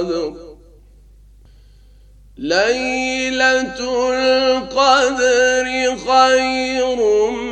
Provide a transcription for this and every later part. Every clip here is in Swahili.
القدر ليلة القدر خير من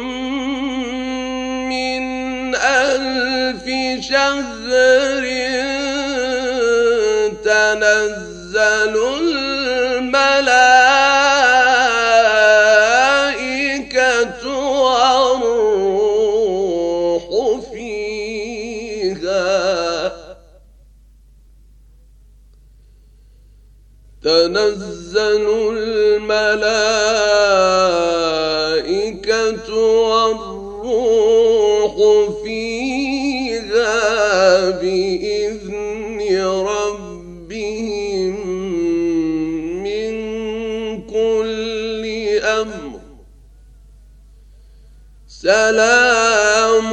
سلام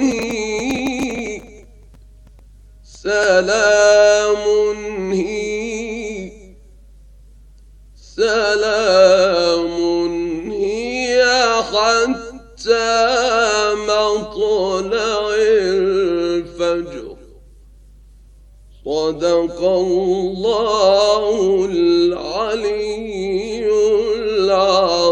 هي سلام هي سلام هي حتى مطلع الفجر صدق الله العلي العظيم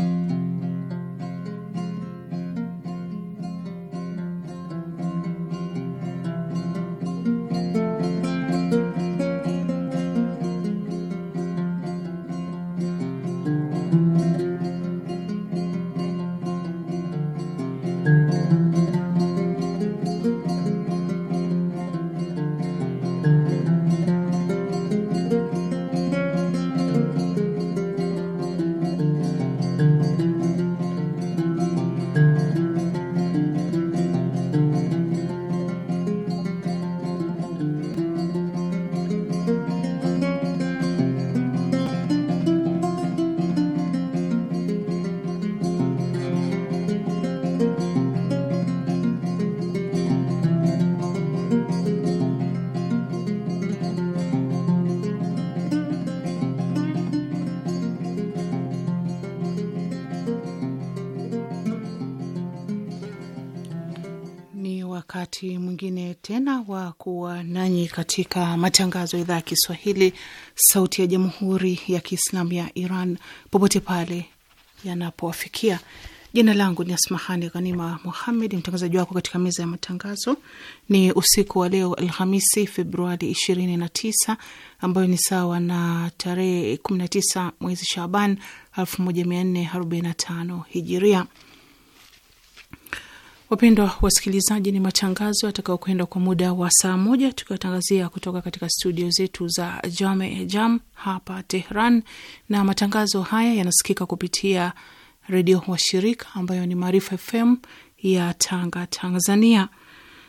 katika matangazo ya idhaa ya Kiswahili, sauti ya jamhuri ya kiislamu ya Iran, popote pale yanapowafikia. Jina langu ni Asmahani Ghanima Muhammed, mtangazaji wako katika meza ya matangazo. Ni usiku wa leo Alhamisi, Februari 29 ambayo ni sawa na tarehe 19 mwezi Shaban 1445 Hijiria. Wapendwa wasikilizaji, ni matangazo yatakayokwenda kwa muda wa saa moja tukiwatangazia kutoka katika studio zetu za Jame Jam hapa Tehran, na matangazo haya yanasikika kupitia redio washirika ambayo ni Maarifa FM ya Tanga, Tanzania.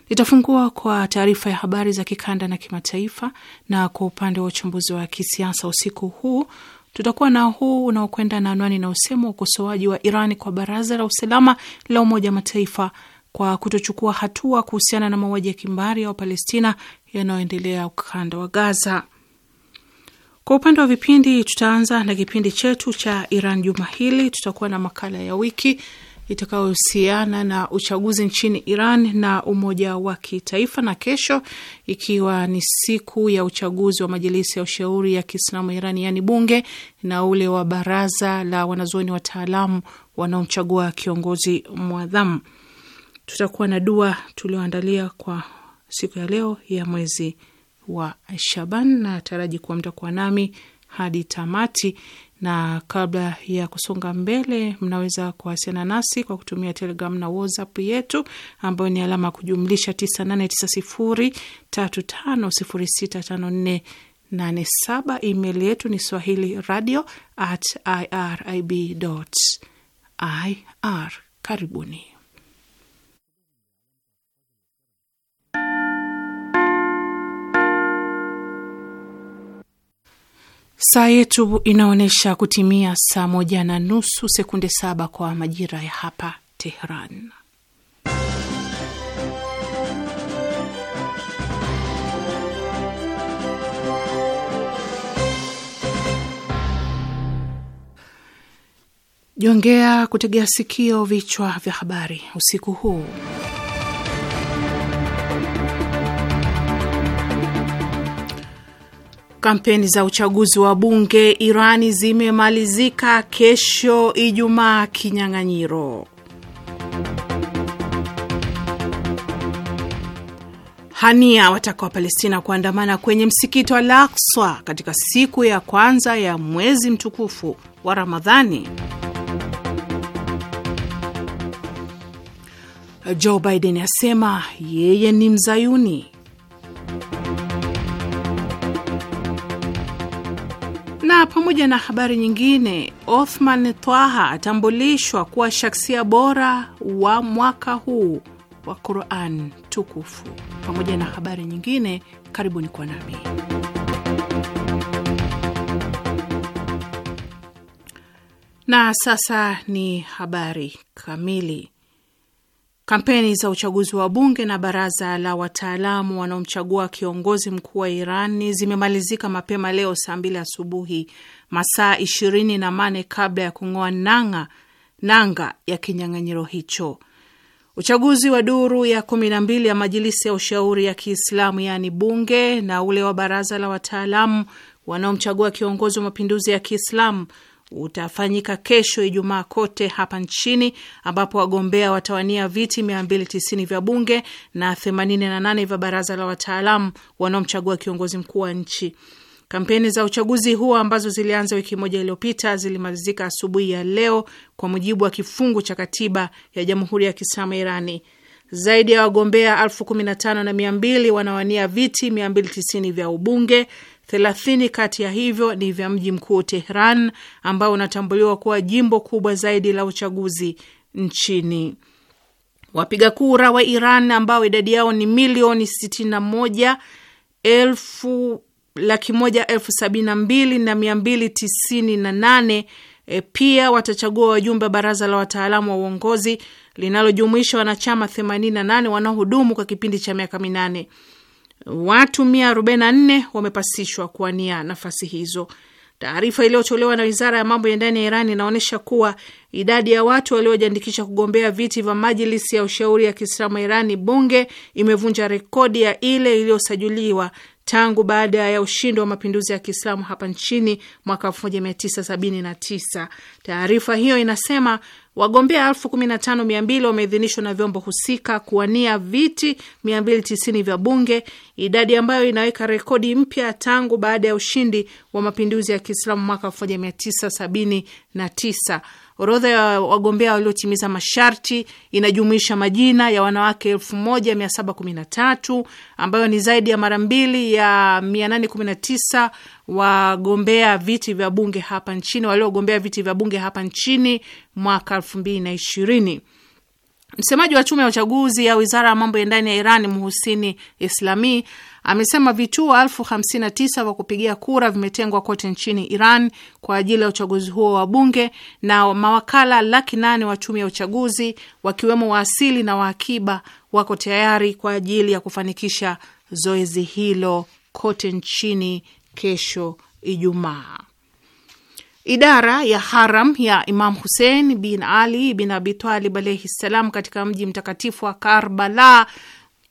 Itafungua kwa taarifa ya habari za kikanda na kimataifa, na kwa upande wa uchambuzi wa kisiasa usiku huu tutakuwa na huu unaokwenda na anwani na usemo wa ukosoaji wa Iran kwa Baraza la Usalama la Umoja wa Mataifa kwa kutochukua hatua kuhusiana na mauaji ya kimbari ya Wapalestina yanayoendelea ukanda wa Gaza. Kwa upande wa vipindi, tutaanza na kipindi chetu cha Iran juma hili. Tutakuwa na makala ya wiki itakayohusiana na uchaguzi nchini Iran na umoja wa kitaifa, na kesho ikiwa ni siku ya uchaguzi wa majilisi ya ushauri ya Kiislamu Iran, yaani bunge na ule wa baraza la wanazuoni wataalamu wanaomchagua kiongozi mwadhamu tutakuwa na dua tulioandalia kwa siku ya leo ya mwezi wa Shaban na taraji kuwa mtakuwa nami hadi tamati. Na kabla ya kusonga mbele, mnaweza kuwasiliana nasi kwa kutumia Telegram na WhatsApp yetu ambayo ni alama ya kujumlisha 989035065487. Email yetu ni swahili radio at ir Karibuni. Saa yetu inaonyesha kutimia saa moja na nusu sekunde saba kwa majira ya hapa Tehran. Jongea kutegea sikio, vichwa vya habari usiku huu. Kampeni za uchaguzi wa bunge Irani zimemalizika kesho Ijumaa kinyang'anyiro. Hania wataka Wapalestina kuandamana kwenye msikiti wa Al-Aqsa katika siku ya kwanza ya mwezi mtukufu wa Ramadhani. Joe Biden asema yeye ni mzayuni. pamoja na habari nyingine, Othman Twaha atambulishwa kuwa shaksia bora wa mwaka huu wa Quran tukufu, pamoja na habari nyingine. Karibuni kwa nami na sasa ni habari kamili. Kampeni za uchaguzi wa bunge na baraza la wataalamu wanaomchagua kiongozi mkuu wa Iran zimemalizika mapema leo saa mbili asubuhi, masaa ishirini na mane kabla ya kung'oa nanga nanga ya kinyang'anyiro hicho. Uchaguzi wa duru ya kumi na mbili ya majilisi ya ushauri ya Kiislamu yaani bunge na ule wa baraza la wataalamu wanaomchagua kiongozi wa mapinduzi ya Kiislamu utafanyika kesho Ijumaa kote hapa nchini ambapo wagombea watawania viti 290 vya bunge na 88 vya baraza la wataalamu wanaomchagua kiongozi mkuu wa nchi. Kampeni za uchaguzi huo ambazo zilianza wiki moja iliyopita zilimalizika asubuhi ya leo kwa mujibu wa kifungu cha katiba ya Jamhuri ya Kiislamu Irani. Zaidi ya wagombea elfu kumi na tano na mia mbili wanawania viti 290 vya ubunge thelathini kati ya hivyo ni vya mji mkuu Tehran ambao unatambuliwa kuwa jimbo kubwa zaidi la uchaguzi nchini. Wapiga kura wa Iran ambao idadi yao ni milioni sitini na moja elfu laki moja elfu sabini na mbili na mia mbili tisini na nane e, pia watachagua wajumbe wa baraza la wataalamu wa uongozi linalojumuisha wanachama 88 wanaohudumu kwa kipindi cha miaka minane watu 144 wamepasishwa kuwania nafasi hizo. Taarifa iliyotolewa na wizara ya mambo ya ndani ya Iran inaonyesha kuwa idadi ya watu waliojiandikisha kugombea viti vya majilisi ya ushauri ya Kiislamu Irani bunge imevunja rekodi ya ile iliyosajuliwa tangu baada ya ushindi wa mapinduzi ya Kiislamu hapa nchini mwaka 1979. Taarifa hiyo inasema Wagombea elfu kumi na tano mia mbili wameidhinishwa na vyombo husika kuwania viti 290 vya bunge, idadi ambayo inaweka rekodi mpya tangu baada ya ushindi wa mapinduzi ya Kiislamu mwaka 1979. Orodha ya wagombea waliotimiza masharti inajumuisha majina ya wanawake 1713 ambayo ni zaidi ya mara mbili ya 819 wagombea viti vya bunge hapa nchini waliogombea viti vya bunge hapa nchini mwaka 2020. Msemaji wa tume ya uchaguzi ya wizara ya mambo ya ndani ya Iran Muhusini Islami amesema vituo elfu hamsini na tisa vya kupigia kura vimetengwa kote nchini Iran kwa ajili ya uchaguzi huo wa bunge na mawakala laki nane wa tume ya uchaguzi wakiwemo waasili na waakiba wako tayari kwa ajili ya kufanikisha zoezi hilo kote nchini kesho Ijumaa. Idara ya haram ya Imam Hussein bin Ali bin Abitalib alaihi ssalam katika mji mtakatifu wa Karbala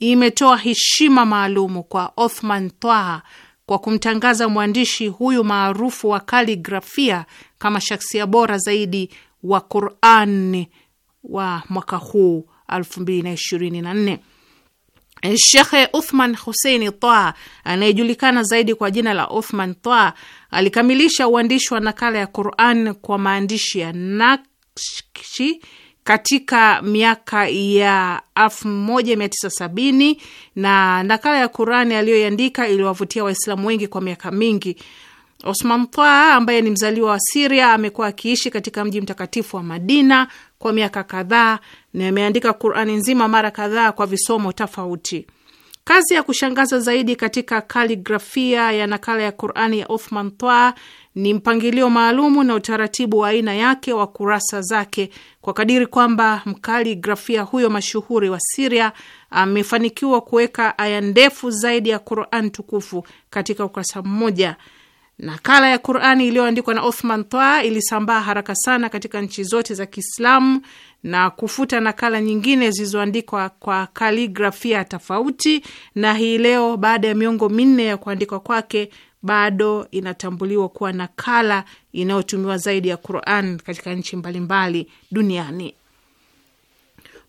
imetoa heshima maalumu kwa Othman Twaha kwa kumtangaza mwandishi huyu maarufu wa kaligrafia kama shaksia bora zaidi wa Quran wa mwaka huu 2024. Shekhe Uthman Huseini Twa, anayejulikana zaidi kwa jina la Uthman Twa, alikamilisha uandishi wa nakala ya Quran kwa maandishi ya nakshi katika miaka ya 1970 na nakala ya Qurani aliyoiandika iliwavutia Waislamu wengi kwa miaka mingi. Osman Toa ambaye ni mzaliwa wa Siria amekuwa akiishi katika mji mtakatifu wa Madina kwa miaka kadhaa na ameandika Qurani nzima mara kadhaa kwa visomo tofauti. Kazi ya kushangaza zaidi katika kaligrafia ya nakala ya Qurani ya Othman Twa ni mpangilio maalumu na utaratibu wa aina yake wa kurasa zake, kwa kadiri kwamba mkaligrafia huyo mashuhuri wa Siria amefanikiwa kuweka aya ndefu zaidi ya Quran tukufu katika ukurasa mmoja Nakala ya Qurani iliyoandikwa na Othman Twa ilisambaa haraka sana katika nchi zote za Kiislamu na kufuta nakala nyingine zilizoandikwa kwa kaligrafia tofauti, na hii leo baada ya miongo minne ya kuandikwa kwake bado inatambuliwa kuwa nakala inayotumiwa zaidi ya Quran katika nchi mbalimbali duniani.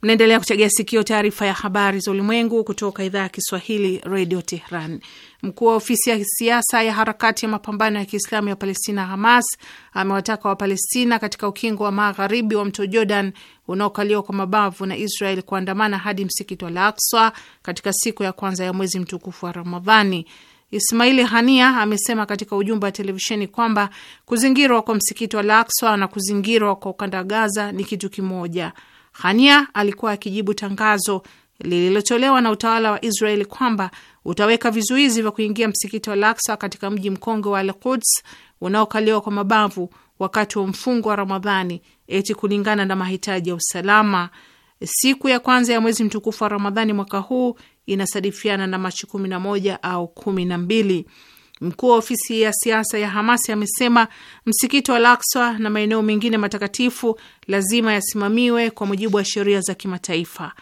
Mnaendelea kuchagia sikio taarifa ya habari za ulimwengu kutoka idhaa ya Kiswahili redio Tehran. Mkuu wa ofisi ya siasa ya harakati ya mapambano ya kiislamu ya Palestina, Hamas, amewataka Wapalestina katika ukingo wa magharibi wa mto Jordan unaokaliwa kwa mabavu na Israel kuandamana hadi msikiti wa Al-Aqsa katika siku ya kwanza ya mwezi mtukufu wa Ramadhani. Ismaili Hania amesema katika ujumbe wa televisheni kwamba kuzingirwa kwa msikiti wa Al-Aqsa na kuzingirwa kwa ukanda wa Gaza ni kitu kimoja. Hania alikuwa akijibu tangazo lililotolewa na utawala wa Israeli kwamba utaweka vizuizi vya kuingia msikiti wa Al-Aqsa katika mji mkongwe wa Al-Quds unaokaliwa kwa mabavu wakati wa mfungo wa Ramadhani eti kulingana na mahitaji ya usalama. Siku ya kwanza ya mwezi mtukufu wa Ramadhani mwaka huu inasadifiana na Machi kumi na moja au kumi na mbili. Mkuu wa ofisi ya siasa ya Hamasi amesema msikiti wa Al-Aqsa na maeneo mengine matakatifu lazima yasimamiwe kwa mujibu wa sheria za kimataifa.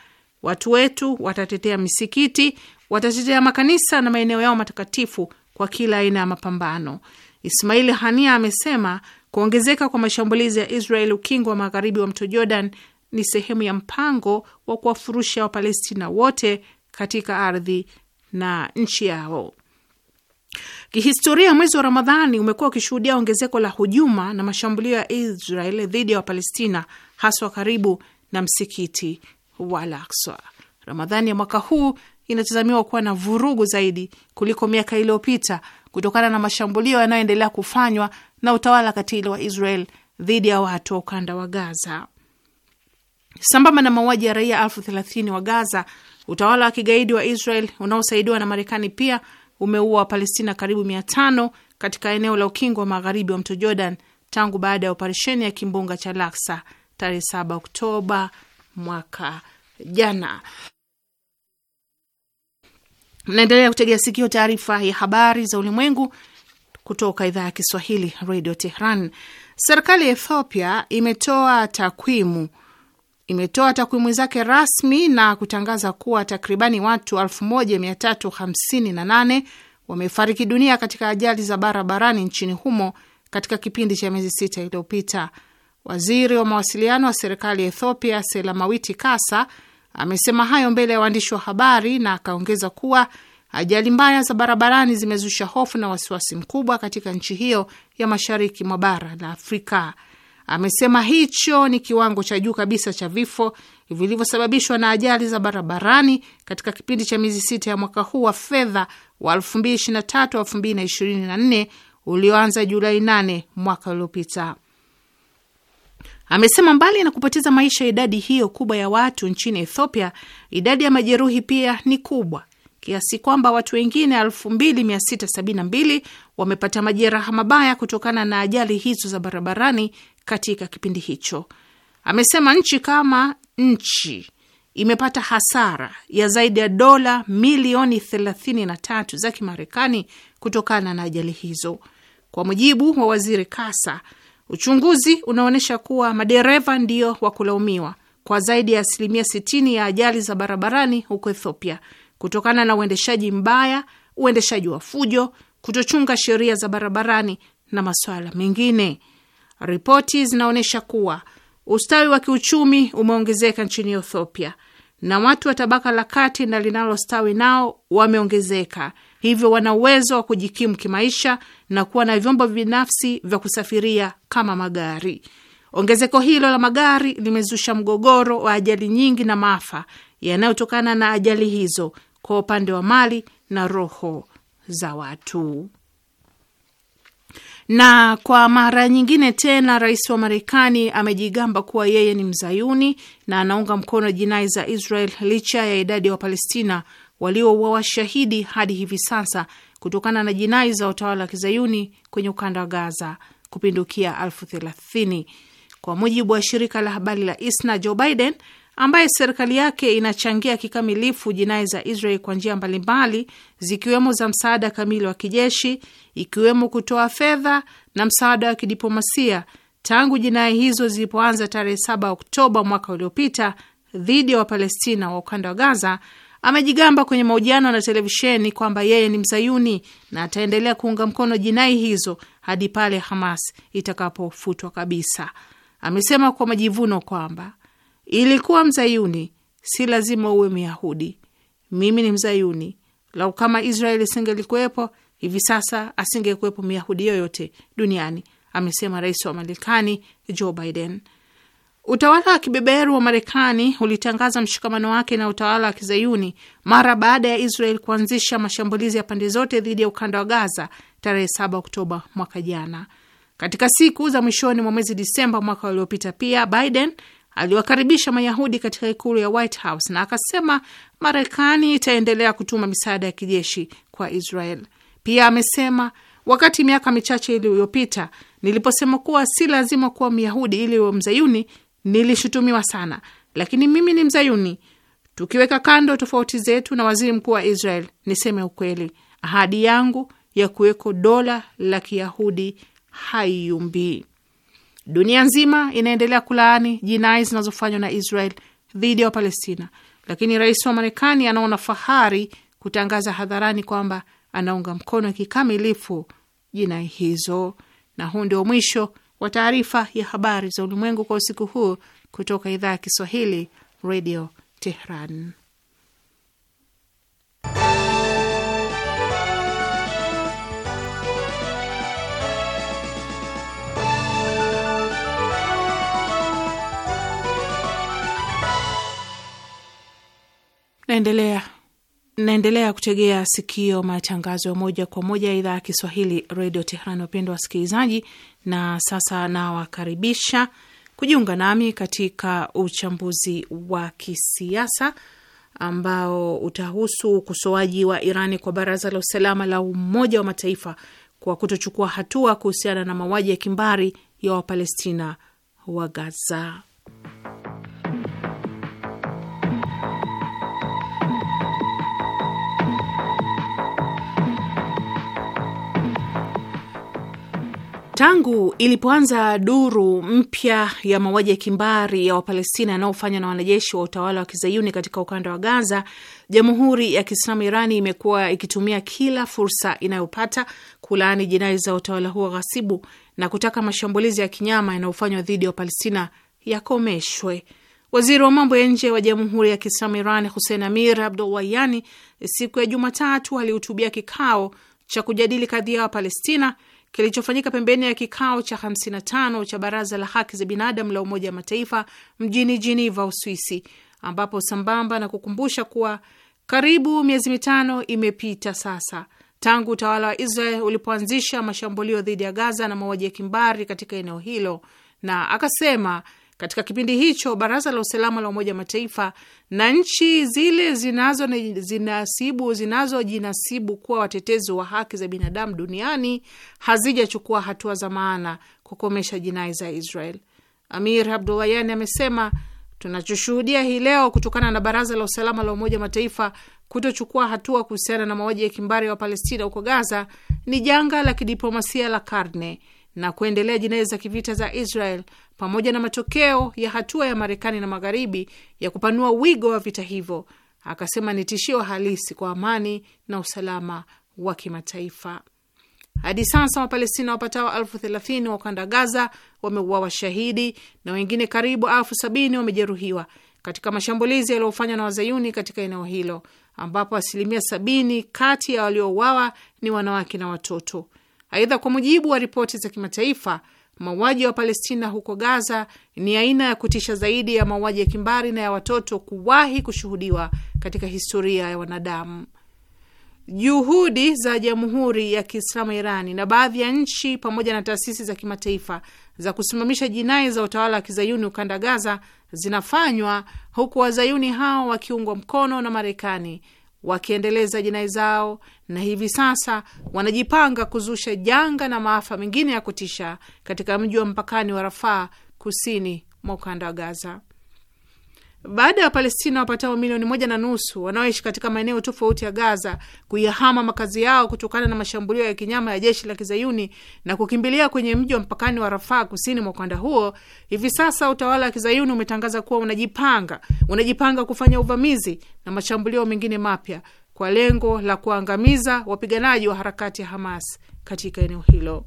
Watu wetu watatetea misikiti, watatetea makanisa na maeneo yao matakatifu kwa kila aina ya mapambano. Ismail Hania amesema kuongezeka kwa mashambulizi ya Israel ukingo wa magharibi wa mto Jordan ni sehemu ya mpango wa kuwafurusha Wapalestina wote katika ardhi na nchi yao. Kihistoria, mwezi wa Ramadhani umekuwa ukishuhudia ongezeko la hujuma na mashambulio ya Israel dhidi ya Wapalestina, haswa karibu na msikiti wa Al-Aqsa. Ramadhani ya mwaka huu inatazamiwa kuwa na vurugu zaidi kuliko miaka iliyopita kutokana na mashambulio yanayoendelea kufanywa na utawala katili wa Israel dhidi ya watu wa ukanda wa Gaza. Sambamba na mauaji ya raia elfu thelathini wa Gaza, utawala wa kigaidi wa Israel unaosaidiwa na Marekani pia umeua Wapalestina karibu mia tano katika eneo la ukingo wa magharibi wa mto Jordan tangu baada ya operesheni ya kimbunga cha Laksa tarehe 7 Oktoba mwaka jana. Naendelea kutegea sikio taarifa ya habari za ulimwengu kutoka idhaa ya Kiswahili, Radio Tehran. Serikali ya Ethiopia imetoa takwimu imetoa takwimu zake rasmi na kutangaza kuwa takribani watu 1358 wamefariki dunia katika ajali za barabarani nchini humo katika kipindi cha miezi sita iliyopita. Waziri wa mawasiliano wa serikali ya Ethiopia Selamawiti Kasa amesema hayo mbele ya waandishi wa habari na akaongeza kuwa ajali mbaya za barabarani zimezusha hofu na wasiwasi mkubwa katika nchi hiyo ya mashariki mwa bara la Afrika. Amesema hicho ni kiwango cha juu kabisa cha vifo vilivyosababishwa na ajali za barabarani katika kipindi cha miezi sita ya mwaka huu wa fedha wa 2023/2024 ulioanza Julai 8 mwaka uliopita. Amesema mbali na kupoteza maisha ya idadi hiyo kubwa ya watu nchini Ethiopia, idadi ya majeruhi pia ni kubwa kiasi kwamba watu wengine 2672 wamepata majeraha mabaya kutokana na ajali hizo za barabarani katika kipindi hicho. Amesema nchi kama nchi imepata hasara ya zaidi ya dola milioni 33 za Kimarekani kutokana na ajali hizo. Kwa mujibu wa waziri Kasa, uchunguzi unaonyesha kuwa madereva ndiyo wa kulaumiwa kwa zaidi ya asilimia 60 ya ajali za barabarani huko Ethiopia kutokana na uendeshaji mbaya, uendeshaji wa fujo, kutochunga sheria za barabarani na masuala mengine. Ripoti zinaonyesha kuwa ustawi wa kiuchumi umeongezeka nchini Ethiopia na watu wa tabaka la kati na linalostawi nao wameongezeka, hivyo wana uwezo wa kujikimu kimaisha na kuwa na vyombo binafsi vya kusafiria kama magari. Ongezeko hilo la magari limezusha mgogoro wa ajali nyingi na maafa yanayotokana na ajali hizo kwa upande wa mali na roho za watu. Na kwa mara nyingine tena rais wa Marekani amejigamba kuwa yeye ni mzayuni na anaunga mkono jinai za Israel licha ya idadi ya wa Wapalestina waliouawa washahidi hadi hivi sasa kutokana na jinai za utawala wa kizayuni kwenye ukanda wa Gaza kupindukia elfu thelathini. Kwa mujibu wa shirika la habari la ISNA, Joe Biden ambaye serikali yake inachangia kikamilifu jinai za Israel kwa njia mbalimbali zikiwemo za msaada kamili wa kijeshi, ikiwemo kutoa fedha na msaada wa kidiplomasia tangu jinai hizo zilipoanza tarehe 7 Oktoba mwaka uliopita dhidi ya Wapalestina wa ukanda wa Gaza, amejigamba kwenye mahojiano na televisheni kwamba yeye ni mzayuni na ataendelea kuunga mkono jinai hizo hadi pale Hamas itakapofutwa kabisa. Amesema kwa majivuno kwamba Ilikuwa mzayuni, si lazima uwe Myahudi. Mimi ni mzayuni. Lau kama Israeli isingelikuwepo hivi sasa, asingekuwepo myahudi yoyote duniani, amesema rais wa Marekani Joe Biden. Utawala wa kibeberu wa Marekani ulitangaza mshikamano wake na utawala wa kizayuni mara baada ya Israel kuanzisha mashambulizi ya pande zote dhidi ya ukanda wa Gaza tarehe 7 Oktoba mwaka jana. Katika siku za mwishoni mwa mwezi Disemba mwaka uliopita, pia Biden aliwakaribisha Mayahudi katika ikulu ya White House na akasema Marekani itaendelea kutuma misaada ya kijeshi kwa Israel. Pia amesema wakati miaka michache iliyopita niliposema kuwa si lazima kuwa Myahudi ili uwe Mzayuni, nilishutumiwa sana, lakini mimi ni Mzayuni. Tukiweka kando tofauti zetu na waziri mkuu wa Israel, niseme ukweli, ahadi yangu ya kuweko dola la kiyahudi haiyumbii. Dunia nzima inaendelea kulaani jinai zinazofanywa na Israel dhidi ya Wapalestina, lakini rais wa Marekani anaona fahari kutangaza hadharani kwamba anaunga mkono kikamilifu jinai hizo. Na huu ndio mwisho wa taarifa ya habari za ulimwengu kwa usiku huu kutoka idhaa ya Kiswahili, Radio Tehran. Naendelea naendelea kutegea sikio matangazo ya moja kwa moja ya idhaa ya Kiswahili redio Tehrani. Wapendwa wasikilizaji, na sasa nawakaribisha kujiunga nami katika uchambuzi wa kisiasa ambao utahusu ukosoaji wa Irani kwa Baraza la Usalama la Umoja wa Mataifa kwa kutochukua hatua kuhusiana na mauaji ya kimbari ya Wapalestina wa Gaza. Tangu ilipoanza duru mpya ya mauaji ya kimbari ya Wapalestina yanayofanywa na wanajeshi wa utawala wa kizayuni katika ukanda wa Gaza, Jamhuri ya Kiislamu Irani imekuwa ikitumia kila fursa inayopata kulaani jinai za utawala huo ghasibu na kutaka mashambulizi ya kinyama yanayofanywa dhidi ya Wapalestina yakomeshwe. Waziri wa mambo ya nje wa Jamhuri ya Kiislamu Iran Hussein Amir Abdollahian siku ya Jumatatu alihutubia kikao cha kujadili kadhia wa Palestina kilichofanyika pembeni ya kikao cha 55 cha Baraza la Haki za Binadamu la Umoja wa Mataifa mjini Geneva, Uswisi, ambapo sambamba na kukumbusha kuwa karibu miezi mitano imepita sasa tangu utawala wa Israel ulipoanzisha mashambulio dhidi ya Gaza na mauaji ya kimbari katika eneo hilo, na akasema katika kipindi hicho baraza la usalama la Umoja Mataifa na nchi zile zinazo zinasibu zinazojinasibu kuwa watetezi wa haki za binadamu duniani hazijachukua hatua za maana kukomesha jinai za Israel. Amir Abdulayani amesema tunachoshuhudia hii leo kutokana na baraza la usalama la Umoja Mataifa kutochukua hatua kuhusiana na mauaji ya kimbari wa Palestina huko Gaza ni janga la kidiplomasia la karne na kuendelea jinai za kivita za Israel pamoja na matokeo ya hatua ya Marekani na Magharibi ya kupanua wigo wa vita hivyo, akasema ni tishio halisi kwa amani na usalama wa kimataifa. Hadi sasa Wapalestina wapatao elfu thelathini wa ukanda Gaza wameuawa shahidi na wengine karibu elfu sabini wamejeruhiwa katika mashambulizi yaliyofanywa na wazayuni katika eneo hilo, ambapo asilimia sabini kati ya waliouawa ni wanawake na watoto. Aidha, kwa mujibu wa ripoti za kimataifa, mauaji ya Wapalestina huko Gaza ni aina ya kutisha zaidi ya mauaji ya kimbari na ya watoto kuwahi kushuhudiwa katika historia ya wanadamu. Juhudi za Jamhuri ya Kiislamu Irani na baadhi ya nchi pamoja na taasisi za kimataifa za kusimamisha jinai za utawala wa kizayuni ukanda Gaza zinafanywa huku wazayuni hao wakiungwa mkono na Marekani wakiendeleza jinai zao, na hivi sasa wanajipanga kuzusha janga na maafa mengine ya kutisha katika mji wa mpakani wa Rafaa kusini mwa ukanda wa Gaza. Baada ya Wapalestina wapatao milioni moja na nusu wanaoishi katika maeneo tofauti ya Gaza kuyahama makazi yao kutokana na mashambulio ya kinyama ya jeshi la kizayuni na kukimbilia kwenye mji wa mpakani wa Rafaa kusini mwa ukanda huo, hivi sasa utawala wa kizayuni umetangaza kuwa unajipanga unajipanga kufanya uvamizi na mashambulio mengine mapya kwa lengo la kuangamiza wapiganaji wa harakati ya Hamas katika eneo hilo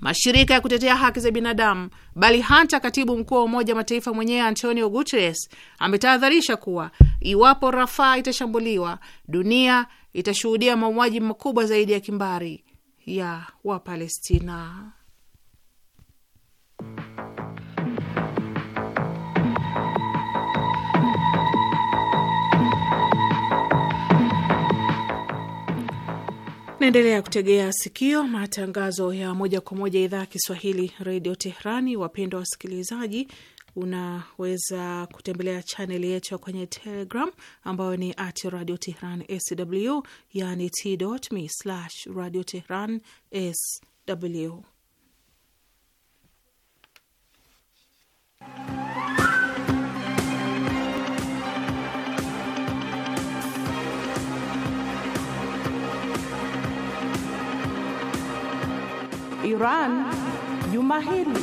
mashirika ya kutetea haki za binadamu, bali hata katibu mkuu wa Umoja Mataifa mwenyewe Antonio Guterres ametahadharisha kuwa iwapo Rafaa itashambuliwa, dunia itashuhudia mauaji makubwa zaidi ya kimbari ya Wapalestina. Naendelea kutegea sikio matangazo ya moja kwa moja idhaa ya Kiswahili redio Teherani. Wapendwa wasikilizaji, unaweza kutembelea chaneli yetu kwenye Telegram ambayo ni at radio tehran sw, yani t.me slash radio tehran sw. Iran juma hili.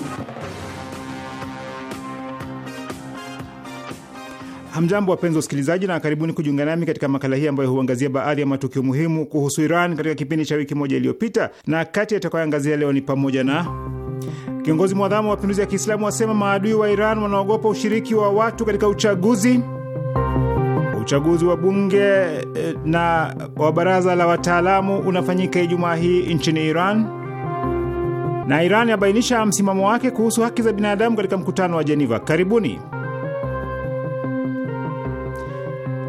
Hamjambo, wapenzi wasikilizaji, na karibuni kujiunga nami katika makala hii ambayo huangazia baadhi ya matukio muhimu kuhusu Iran katika kipindi cha wiki moja iliyopita, na kati yatakayoangazia leo ni pamoja na kiongozi mwadhamu wa mapinduzi ya Kiislamu asema maadui wa Iran wanaogopa ushiriki wa watu katika uchaguzi, uchaguzi wa bunge eh, na wa baraza la wataalamu unafanyika Ijumaa hii nchini Iran na Iran yabainisha msimamo wake kuhusu haki za binadamu katika mkutano wa Jeneva. Karibuni.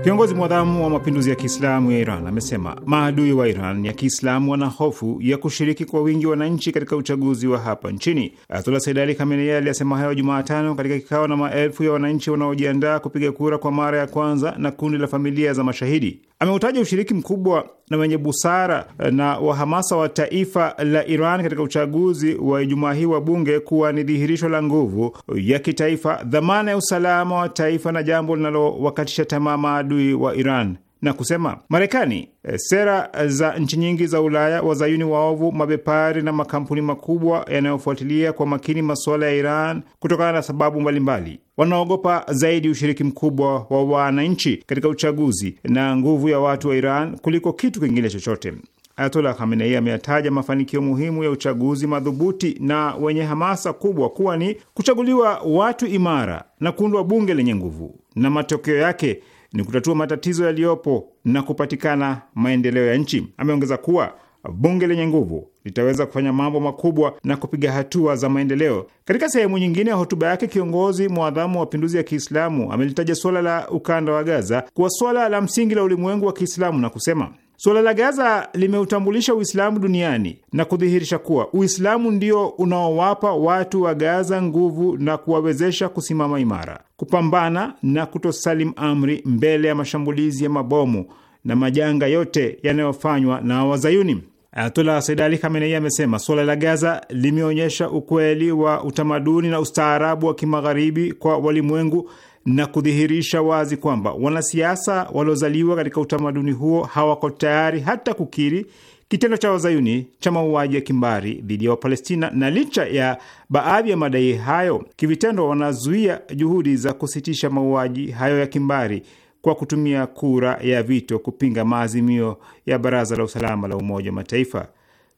Kiongozi mwadhamu wa mapinduzi ya Kiislamu ya Iran amesema maadui wa Iran ya Kiislamu wana hofu ya kushiriki kwa wingi wananchi katika uchaguzi wa hapa nchini. Ayatullah Said Ali Khamenei aliyasema hayo Jumatano katika kikao na maelfu ya wananchi wanaojiandaa kupiga kura kwa mara ya kwanza na kundi la familia za mashahidi. Ameutaja ushiriki mkubwa na wenye busara eh, na wahamasa wa taifa la Iran katika uchaguzi wa Ijumaa hii wa bunge kuwa ni dhihirisho la nguvu ya kitaifa, dhamana ya usalama wa taifa na jambo linalowakatisha tamaa maadui wa Iran na kusema Marekani, eh, sera za nchi nyingi za Ulaya, wazayuni waovu, mabepari na makampuni makubwa yanayofuatilia kwa makini masuala ya Iran kutokana na sababu mbalimbali. Wanaogopa zaidi ushiriki mkubwa wa wananchi katika uchaguzi na nguvu ya watu wa Iran kuliko kitu kingine chochote. Ayatola Khamenei ameyataja mafanikio muhimu ya uchaguzi madhubuti na wenye hamasa kubwa kuwa ni kuchaguliwa watu imara na kuundwa bunge lenye nguvu, na matokeo yake ni kutatua matatizo yaliyopo na kupatikana maendeleo ya nchi. Ameongeza kuwa bunge lenye nguvu litaweza kufanya mambo makubwa na kupiga hatua za maendeleo. Katika sehemu nyingine ya hotuba yake, kiongozi mwadhamu wa mapinduzi ya Kiislamu amelitaja suala la ukanda wa Gaza kuwa suala la msingi la ulimwengu wa Kiislamu na kusema Suala la Gaza limeutambulisha Uislamu duniani na kudhihirisha kuwa Uislamu ndio unaowapa watu wa Gaza nguvu na kuwawezesha kusimama imara, kupambana na kutosalim amri mbele ya mashambulizi ya mabomu na majanga yote yanayofanywa na Wazayuni. Ayatullah Said Ali Khamenei amesema suala la Gaza limeonyesha ukweli wa utamaduni na ustaarabu wa kimagharibi kwa walimwengu na kudhihirisha wazi kwamba wanasiasa waliozaliwa katika utamaduni huo hawako tayari hata kukiri kitendo cha wazayuni cha mauaji ya kimbari dhidi ya Wapalestina, na licha ya baadhi ya madai hayo, kivitendo wanazuia juhudi za kusitisha mauaji hayo ya kimbari kwa kutumia kura ya vito kupinga maazimio ya Baraza la Usalama la Umoja wa Mataifa.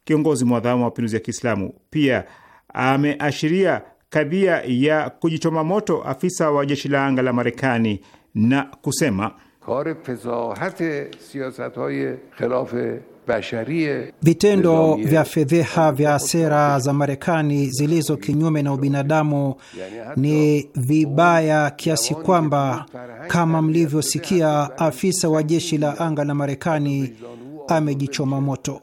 Kiongozi mwadhamu wa mapinduzi ya Kiislamu pia ameashiria kadhia ya kujichoma moto afisa wa jeshi la anga la Marekani na kusema vitendo vya fedheha vya sera za Marekani zilizo kinyume na ubinadamu ni vibaya kiasi kwamba, kama mlivyosikia, afisa wa jeshi la anga la Marekani amejichoma moto.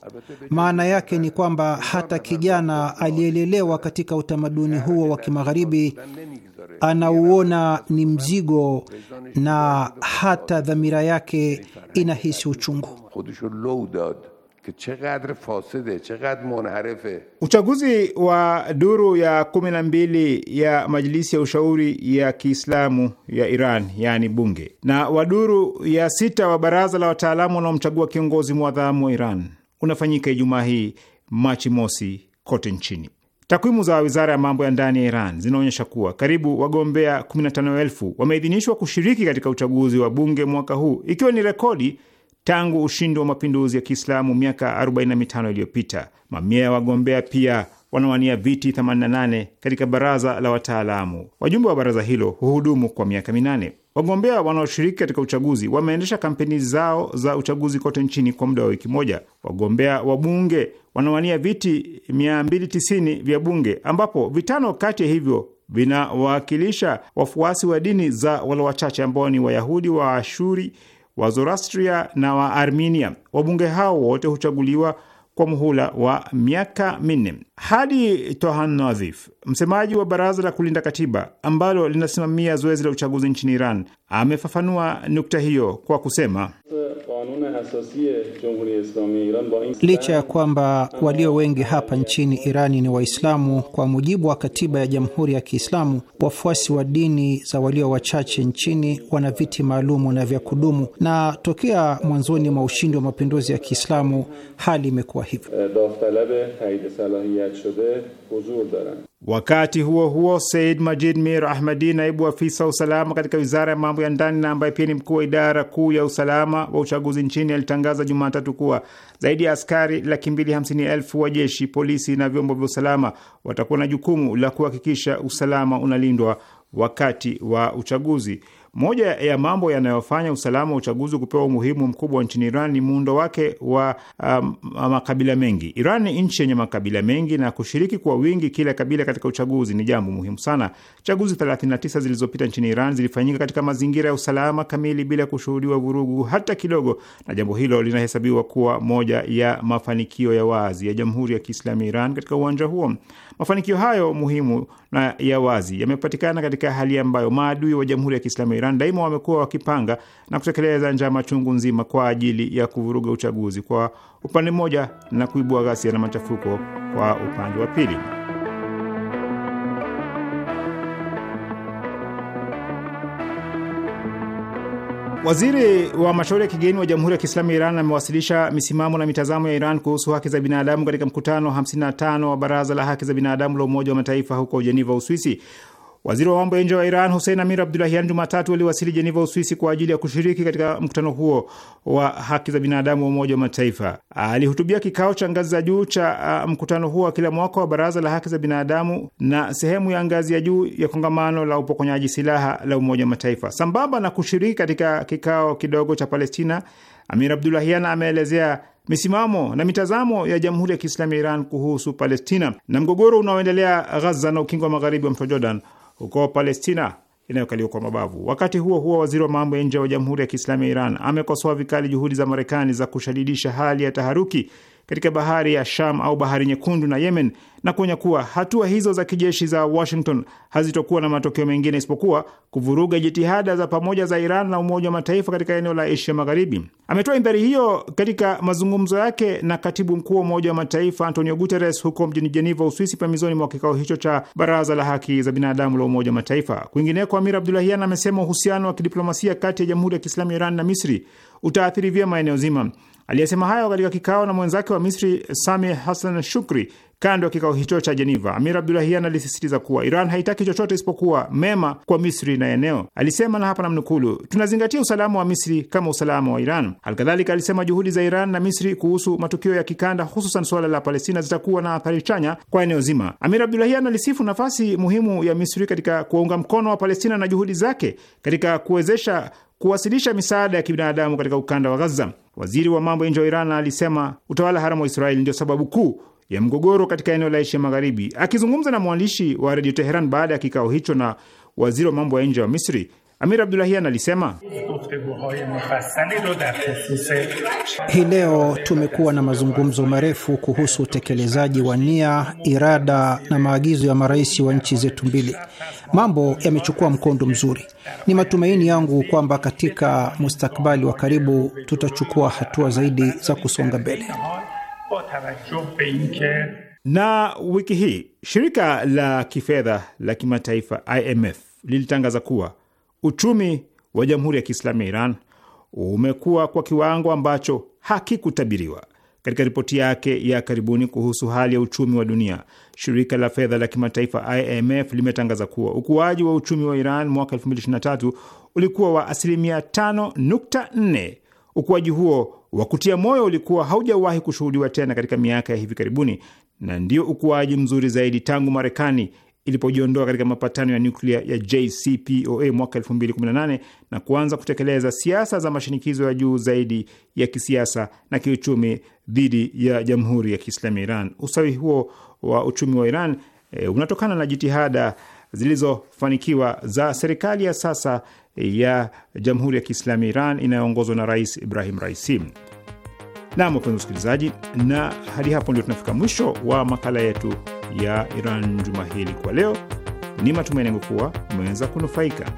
Maana yake ni kwamba hata kijana aliyelelewa katika utamaduni huo wa kimagharibi anauona ni mzigo na hata dhamira yake inahisi uchungu. Chegada faside, chegada munharife. Uchaguzi wa duru ya kumi na mbili ya Majlisi ya Ushauri ya Kiislamu ya Iran yani bunge na wa duru ya sita wa baraza la wataalamu wanaomchagua kiongozi mwadhamu wa Iran unafanyika Ijumaa hii Machi mosi kote nchini. Takwimu za wizara ya mambo ya ndani ya Iran zinaonyesha kuwa karibu wagombea 15,000 wameidhinishwa kushiriki katika uchaguzi wa bunge mwaka huu ikiwa ni rekodi tangu ushindi wa mapinduzi ya Kiislamu miaka 45 iliyopita. Mamia ya wagombea pia wanawania viti 88 katika baraza la wataalamu. Wajumbe wa baraza hilo huhudumu kwa miaka minane. Wagombea wanaoshiriki katika uchaguzi wameendesha kampeni zao za uchaguzi kote nchini kwa muda wa wiki moja. Wagombea wa bunge wanawania viti 290 vya bunge, ambapo vitano kati ya hivyo vinawakilisha wafuasi wa dini za walo wachache ambao ni Wayahudi wa Ashuri Wazorastria na Armenia. Wabunge hao wote huchaguliwa kwa muhula wa miaka minne. Hadi Tohan Nazif, msemaji wa baraza la kulinda katiba ambalo linasimamia zoezi la uchaguzi nchini Iran, amefafanua nukta hiyo kwa kusema Licha ya kwamba walio wengi hapa nchini Irani ni Waislamu, kwa mujibu wa katiba ya Jamhuri ya Kiislamu, wafuasi wa dini za walio wachache nchini wana viti maalumu na vya kudumu, na tokea mwanzoni mwa ushindi wa mapinduzi ya Kiislamu hali imekuwa hivyo. Eh, huzur Wakati huo huo, Said Majid Mir Ahmadi, naibu afisa wa usalama katika wizara ya mambo ya ndani na ambaye pia ni mkuu wa idara kuu ya usalama wa uchaguzi nchini, alitangaza Jumatatu kuwa zaidi ya askari laki mbili hamsini elfu wa jeshi, polisi na vyombo vya usalama watakuwa na jukumu la kuhakikisha usalama unalindwa wakati wa uchaguzi. Moja ya mambo yanayofanya usalama wa uchaguzi kupewa umuhimu mkubwa nchini Iran ni muundo wake wa um, makabila mengi. Iran ni nchi yenye makabila mengi na kushiriki kwa wingi kila kabila katika uchaguzi ni jambo muhimu sana. Chaguzi 39 zilizopita nchini Iran zilifanyika katika mazingira ya usalama kamili bila kushuhudiwa vurugu hata kidogo, na jambo hilo linahesabiwa kuwa moja ya mafanikio ya wazi ya Jamhuri ya Kiislamu ya Iran katika uwanja huo. Mafanikio hayo muhimu na ya wazi yamepatikana katika hali ambayo maadui wa Jamhuri ya Kiislamu ya Iran daima wamekuwa wakipanga na kutekeleza njama chungu nzima kwa ajili ya kuvuruga uchaguzi kwa upande mmoja na kuibua ghasia na machafuko kwa upande wa pili. Waziri wa mashauri ya kigeni wa Jamhuri ya Kiislamu ya Iran amewasilisha misimamo na mitazamo ya Iran kuhusu haki za binadamu katika mkutano 55 wa Baraza la Haki za Binadamu la Umoja wa Mataifa huko Jeneva, Uswisi. Waziri wa mambo ya nje wa Iran Hussein Amir Abdulahian Jumatatu aliwasili Jeneva, Uswisi, kwa ajili ya kushiriki katika mkutano huo wa haki za binadamu wa Umoja wa Mataifa. Alihutubia kikao cha ngazi za juu cha mkutano huo wa kila mwaka wa Baraza la Haki za Binadamu na sehemu ya ngazi ya juu ya kongamano la upokonyaji silaha la Umoja wa Mataifa. Sambamba na kushiriki katika kikao kidogo cha Palestina, Amir Abdulahian ameelezea misimamo na mitazamo ya Jamhuri ya Kiislamu ya Iran kuhusu Palestina na mgogoro unaoendelea Ghaza na Ukingo wa Magharibi wa mto Jordan huko Palestina inayokaliwa kwa mabavu. Wakati huo huo, waziri wa mambo ya nje wa Jamhuri ya Kiislamu ya Iran amekosoa vikali juhudi za Marekani za kushadidisha hali ya taharuki katika bahari ya Sham au bahari nyekundu na Yemen, na kuonya kuwa hatua hizo za kijeshi za Washington hazitokuwa na matokeo mengine isipokuwa kuvuruga jitihada za pamoja za Iran na Umoja wa Mataifa katika eneo la Asia Magharibi. Ametoa imbari hiyo katika mazungumzo yake na katibu mkuu wa Umoja wa Mataifa Antonio Guterres huko mjini Jeneva, Uswisi, pembezoni mwa kikao hicho cha Baraza la Haki za Binadamu la Umoja wa Mataifa. Kwingineko, Amir Abdulahian amesema uhusiano wa kidiplomasia kati ya Jamhuri ya Kiislamu ya Iran na Misri utaathiri vyema eneo zima. Aliyesema hayo katika kikao na mwenzake wa Misri sami Hassan Shukri kando ya kikao hicho cha Jeneva, Amir Abdulahian alisisitiza kuwa Iran haitaki chochote isipokuwa mema kwa Misri na eneo. Alisema, na hapa namnukulu, tunazingatia usalama wa Misri kama usalama wa Iran. Halikadhalika alisema juhudi za Iran na Misri kuhusu matukio ya kikanda, hususan suala la Palestina, zitakuwa na athari chanya kwa eneo zima. Amir Abdulahian alisifu nafasi muhimu ya Misri katika kuwaunga mkono wa Palestina na juhudi zake katika kuwezesha kuwasilisha misaada ya kibinadamu katika ukanda wa Gaza. Waziri wa mambo ya nje wa Iran alisema utawala haramu wa Israeli ndio sababu kuu ya mgogoro katika eneo la Asia Magharibi. Akizungumza na mwandishi wa redio Teheran baada ya kikao hicho na waziri wa mambo ya nje wa Misri, Amir Abdulahian alisema hii leo tumekuwa na mazungumzo marefu kuhusu utekelezaji wa nia, irada na maagizo ya marais wa nchi zetu mbili. Mambo yamechukua mkondo mzuri. Ni matumaini yangu kwamba katika mustakabali wa karibu tutachukua hatua zaidi za kusonga mbele. Na wiki hii shirika la kifedha la kimataifa IMF lilitangaza kuwa Uchumi wa Jamhuri ya Kiislamu ya Iran umekuwa kwa kiwango ambacho hakikutabiriwa. Katika ripoti yake ya karibuni kuhusu hali ya uchumi wa dunia, shirika la fedha la kimataifa IMF limetangaza kuwa ukuaji wa uchumi wa Iran mwaka 2023 ulikuwa wa asilimia 5.4. Ukuaji huo wa kutia moyo ulikuwa haujawahi kushuhudiwa tena katika miaka ya hivi karibuni na ndio ukuaji mzuri zaidi tangu Marekani ilipojiondoa katika mapatano ya nyuklia ya JCPOA mwaka 2018 na kuanza kutekeleza siasa za mashinikizo ya juu zaidi ya kisiasa na kiuchumi dhidi ya Jamhuri ya Kiislamu ya Iran. Usawi huo wa uchumi wa Iran e, unatokana na jitihada zilizofanikiwa za serikali ya sasa ya Jamhuri ya Kiislamu ya Iran inayoongozwa na Rais Ibrahim Raisi. Nam, wapenzi wasikilizaji, na hadi hapo ndio tunafika mwisho wa makala yetu ya Iran juma hili. Kwa leo, ni matumaini yangu kuwa umeweza kunufaika.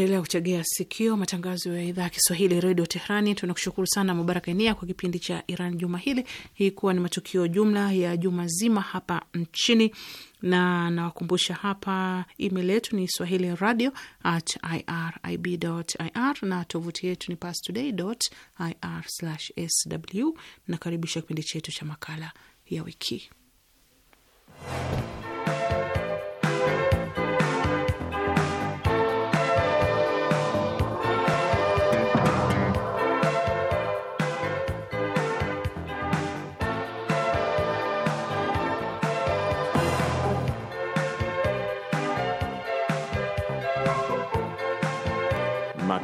Unaendelea kuchegea sikio matangazo ya idhaa ya Kiswahili redio Tehrani. Tunakushukuru sana Mubarak Enia kwa kipindi cha Iran juma hili, hii kuwa ni matukio jumla ya juma zima hapa nchini, na nawakumbusha hapa email yetu ni swahili radio at irib ir na tovuti yetu ni pastoday ir sw. Nakaribisha kipindi chetu cha makala ya wiki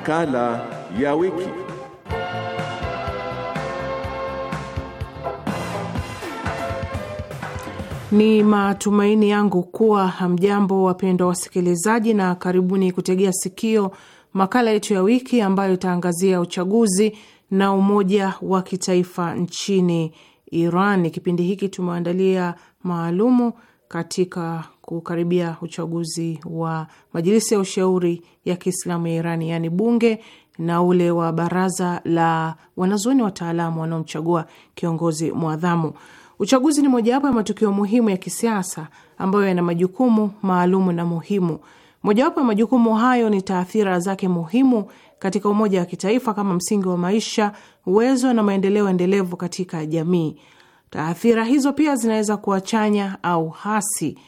Makala ya wiki. Ni matumaini yangu kuwa hamjambo, wapendwa wasikilizaji, na karibuni kutegea sikio makala yetu ya wiki ambayo itaangazia uchaguzi na umoja wa kitaifa nchini Iran. Kipindi hiki tumeandalia maalumu katika kukaribia uchaguzi wa majilisi ya ushauri ya Kiislamu ya Irani, yaani bunge na ule wa baraza la wanazuoni wataalamu wanaomchagua kiongozi mwadhamu. Uchaguzi ni mojawapo ya matukio muhimu ya kisiasa ambayo yana majukumu maalumu na muhimu. Mojawapo ya majukumu hayo ni taathira zake muhimu katika umoja wa kitaifa kama msingi wa maisha, uwezo na maendeleo endelevu katika jamii. Taathira hizo pia zinaweza kuwa chanya au hasi.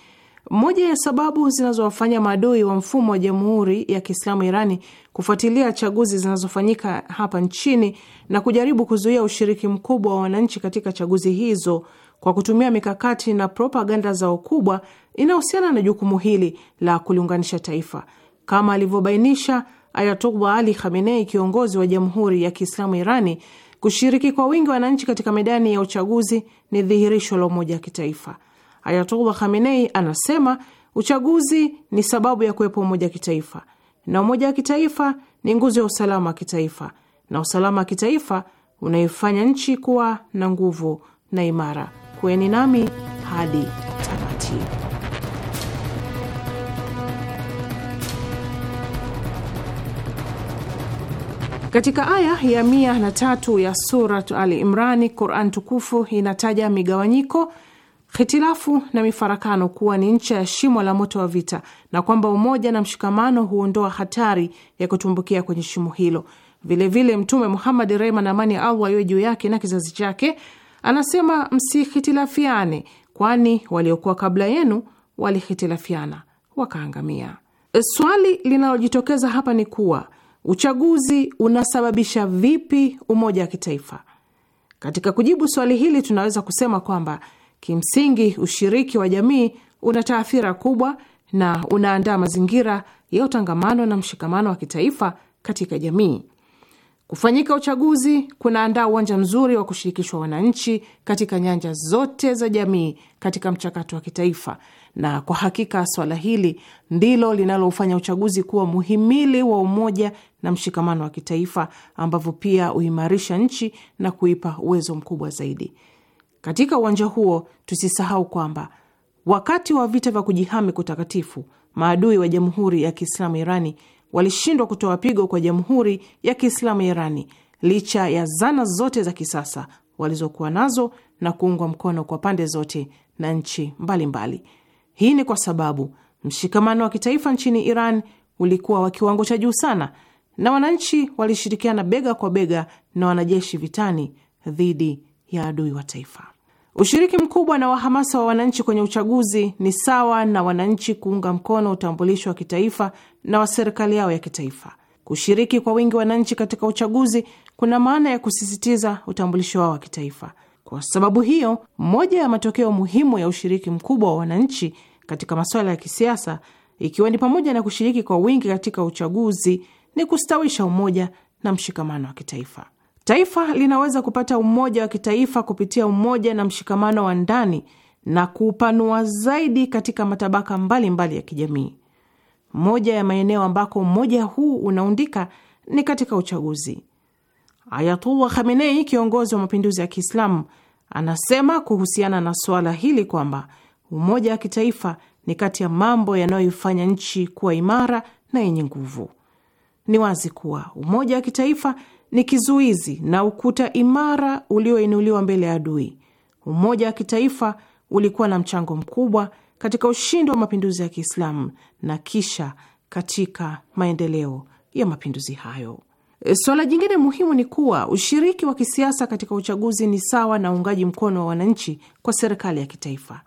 Moja ya sababu zinazowafanya maadui wa mfumo wa Jamhuri ya Kiislamu Irani kufuatilia chaguzi zinazofanyika hapa nchini na kujaribu kuzuia ushiriki mkubwa wa wananchi katika chaguzi hizo kwa kutumia mikakati na propaganda zao kubwa inahusiana na jukumu hili la kuliunganisha taifa, kama alivyobainisha Ayatollah Ali Khamenei, kiongozi wa Jamhuri ya Kiislamu Irani. Kushiriki kwa wingi wananchi katika medani ya uchaguzi ni dhihirisho la umoja wa kitaifa ayatullah Khamenei anasema uchaguzi ni sababu ya kuwepo umoja wa kitaifa, na umoja wa kitaifa ni nguzo ya usalama wa kitaifa, na usalama wa kitaifa unaifanya nchi kuwa na nguvu na imara. Kuweni nami hadi tamati. Katika aya ya mia na tatu ya Surat alimrani Imrani, Quran tukufu inataja migawanyiko hitilafu na mifarakano kuwa ni ncha ya shimo la moto wa vita na kwamba umoja na mshikamano huondoa hatari ya kutumbukia kwenye shimo hilo. Vilevile vile Mtume Muhammad, rehma na amani ya Allah iwe juu yake na kizazi chake, anasema msihitilafiane, kwani waliokuwa kabla yenu walihitilafiana wakaangamia. Swali linalojitokeza hapa ni kuwa uchaguzi unasababisha vipi umoja wa kitaifa? Katika kujibu swali hili tunaweza kusema kwamba Kimsingi, ushiriki wa jamii una taathira kubwa na unaandaa mazingira ya utangamano na mshikamano wa kitaifa katika jamii. Kufanyika uchaguzi kunaandaa uwanja mzuri wa kushirikishwa wananchi katika nyanja zote za jamii katika mchakato wa kitaifa, na kwa hakika swala hili ndilo linalofanya uchaguzi kuwa muhimili wa umoja na mshikamano wa kitaifa, ambavyo pia huimarisha nchi na kuipa uwezo mkubwa zaidi. Katika uwanja huo tusisahau kwamba wakati wa vita vya kujihami kutakatifu maadui wa Jamhuri ya Kiislamu Irani walishindwa kutoa pigo kwa Jamhuri ya Kiislamu ya Irani licha ya zana zote za kisasa walizokuwa nazo na kuungwa mkono kwa pande zote na nchi mbalimbali mbali. Hii ni kwa sababu mshikamano wa kitaifa nchini Iran ulikuwa wa kiwango cha juu sana na wananchi walishirikiana bega kwa bega na wanajeshi vitani dhidi ya adui wa taifa. Ushiriki mkubwa na wahamasa wa wananchi kwenye uchaguzi ni sawa na wananchi kuunga mkono utambulisho wa kitaifa na wa serikali yao ya kitaifa. Kushiriki kwa wingi wananchi katika uchaguzi kuna maana ya kusisitiza utambulisho wao wa kitaifa. Kwa sababu hiyo, moja ya matokeo muhimu ya ushiriki mkubwa wa wananchi katika masuala ya kisiasa, ikiwa ni pamoja na kushiriki kwa wingi katika uchaguzi, ni kustawisha umoja na mshikamano wa kitaifa. Taifa linaweza kupata umoja wa kitaifa kupitia umoja na mshikamano wa ndani na kuupanua zaidi katika matabaka mbalimbali mbali ya kijamii. Moja ya maeneo ambako umoja huu unaundika ni katika uchaguzi. Ayatullah Khamenei, kiongozi wa mapinduzi ya Kiislamu, anasema kuhusiana na suala hili kwamba umoja wa kitaifa ni kati ya mambo yanayoifanya nchi kuwa imara na yenye nguvu. Ni wazi kuwa umoja wa kitaifa ni kizuizi na ukuta imara ulioinuliwa mbele ya adui. Umoja wa kitaifa ulikuwa na mchango mkubwa katika ushindi wa mapinduzi ya Kiislamu na kisha katika maendeleo ya mapinduzi hayo. E, Suala jingine muhimu ni kuwa ushiriki wa kisiasa katika uchaguzi ni sawa na uungaji mkono wa wananchi kwa serikali ya kitaifa.